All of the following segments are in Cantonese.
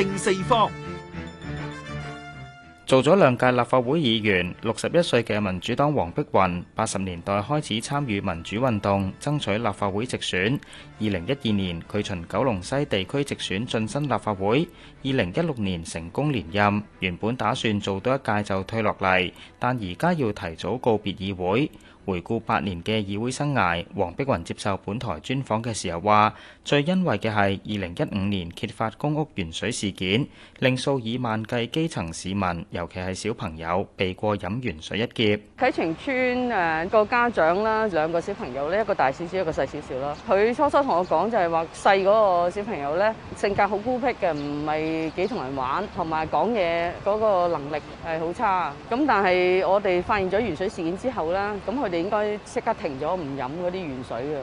正四方，做咗兩屆立法會議員。六十一歲嘅民主黨黃碧雲，八十年代開始參與民主運動，爭取立法會直選。二零一二年佢循九龍西地區直選晉身立法會，二零一六年成功連任。原本打算做多一屆就退落嚟，但而家要提早告別議會。回顧八年嘅議會生涯，黃碧雲接受本台專訪嘅時候話：最欣慰嘅係二零一五年揭發公屋鉛水事件，令數以萬計基層市民，尤其係小朋友避過飲鉛水一劫。啟晴邨，誒個家長啦，兩個小朋友咧，一個大少少，一個細少少啦。佢初初同我講就係話，細嗰個小朋友咧，性格好孤僻嘅，唔係幾同人玩，同埋講嘢嗰個能力係好差。咁但係我哋發現咗鉛水事件之後咧，咁佢哋應該即刻停咗，唔飲嗰啲鉛水啊！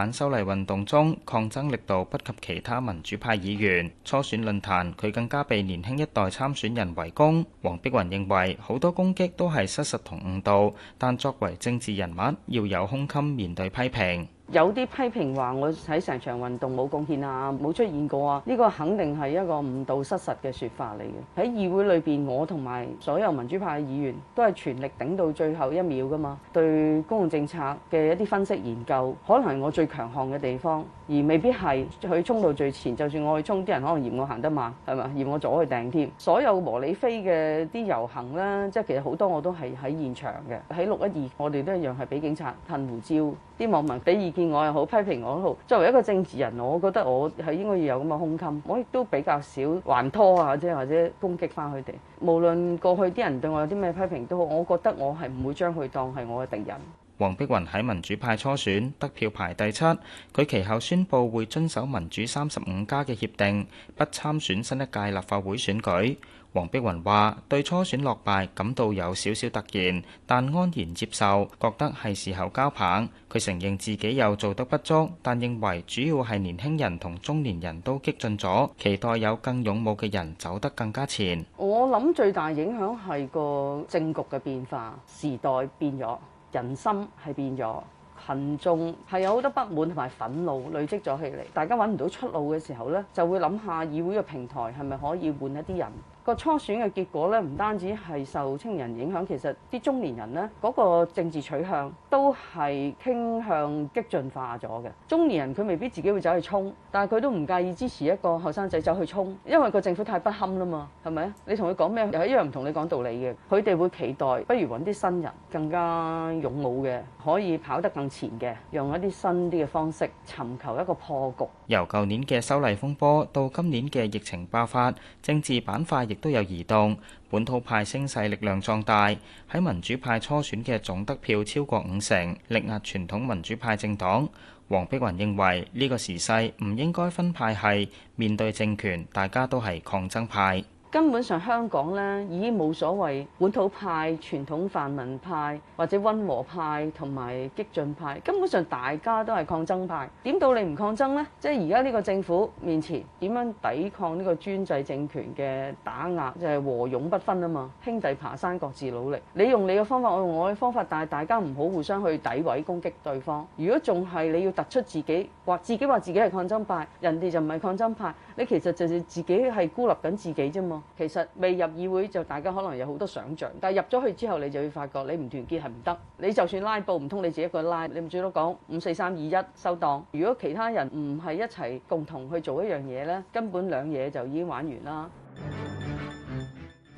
反修例運動中抗爭力度不及其他民主派議員。初選論壇，佢更加被年輕一代參選人圍攻。黃碧雲認為好多攻擊都係失實同誤導，但作為政治人物，要有胸襟面對批評。有啲批評話我喺成場運動冇貢獻啊，冇出現過啊，呢個肯定係一個誤導失實嘅説法嚟嘅。喺議會裏邊，我同埋所有民主派嘅議員都係全力頂到最後一秒噶嘛。對公共政策嘅一啲分析研究，可能係我最強項嘅地方，而未必係佢衝到最前。就算我去衝，啲人可能嫌我行得慢，係咪？嫌我阻去頂添。所有和你飛嘅啲遊行啦，即係其實好多我都係喺現場嘅。喺六一二，我哋都一樣係俾警察噴胡椒，啲網民俾意見。我又好批評我都好，作為一個政治人，我覺得我係應該要有咁嘅胸襟。我亦都比較少還拖啊，或者攻擊翻佢哋。無論過去啲人對我有啲咩批評都好，我覺得我係唔會將佢當係我嘅敵人。黃碧雲喺民主派初選得票排第七，佢其後宣布會遵守民主三十五加嘅協定，不參選新一屆立法會選舉。黃碧雲話：對初選落敗感到有少少突然，但安然接受，覺得係時候交棒。佢承認自己有做得不足，但認為主要係年輕人同中年人都激進咗，期待有更勇武嘅人走得更加前。我諗最大影響係個政局嘅變化，時代變咗。人心係變咗，群眾係有好多不滿同埋憤怒累積咗起嚟，大家揾唔到出路嘅時候呢，就會諗下議會嘅平台係咪可以換一啲人。個初選嘅結果咧，唔單止係受青人影響，其實啲中年人呢，嗰個政治取向都係傾向激進化咗嘅。中年人佢未必自己會走去衝，但係佢都唔介意支持一個後生仔走去衝，因為個政府太不堪啦嘛，係咪？你同佢講咩，又一樣唔同你講道理嘅。佢哋會期待，不如揾啲新人更加勇武嘅，可以跑得更前嘅，用一啲新啲嘅方式尋求一個破局。由舊年嘅修例風波到今年嘅疫情爆發，政治板塊亦都有移動，本土派聲勢力量壯大，喺民主派初選嘅總得票超過五成，力壓傳統民主派政黨。黃碧雲認為呢個時勢唔應該分派系，面對政權，大家都係抗爭派。根本上香港咧已經冇所謂本土派、傳統泛民派或者温和派同埋激進派，根本上大家都係抗爭派。點到你唔抗爭咧？即係而家呢個政府面前，點樣抵抗呢個專制政權嘅打壓，就係、是、和勇不分啊嘛，兄弟爬山各自努力。你用你嘅方法，我用我嘅方法，但係大家唔好互相去詆毀攻擊對方。如果仲係你要突出自己，話自己話自己係抗爭派，人哋就唔係抗爭派，你其實就係自己係孤立緊自己啫嘛。其實未入議會就大家可能有好多想像，但係入咗去之後，你就會發覺你唔團結係唔得。你就算拉布唔通你自己一個拉，你最多講五四三二一收檔。如果其他人唔係一齊共同去做一樣嘢呢，根本兩嘢就已經玩完啦。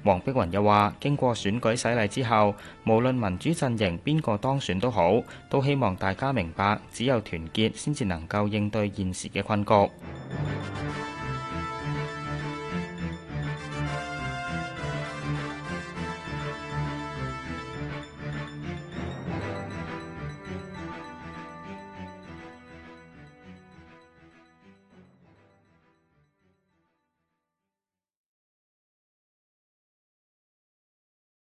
黃碧雲又話：經過選舉洗禮之後，無論民主陣營邊個當選都好，都希望大家明白，只有團結先至能夠應對現時嘅困局。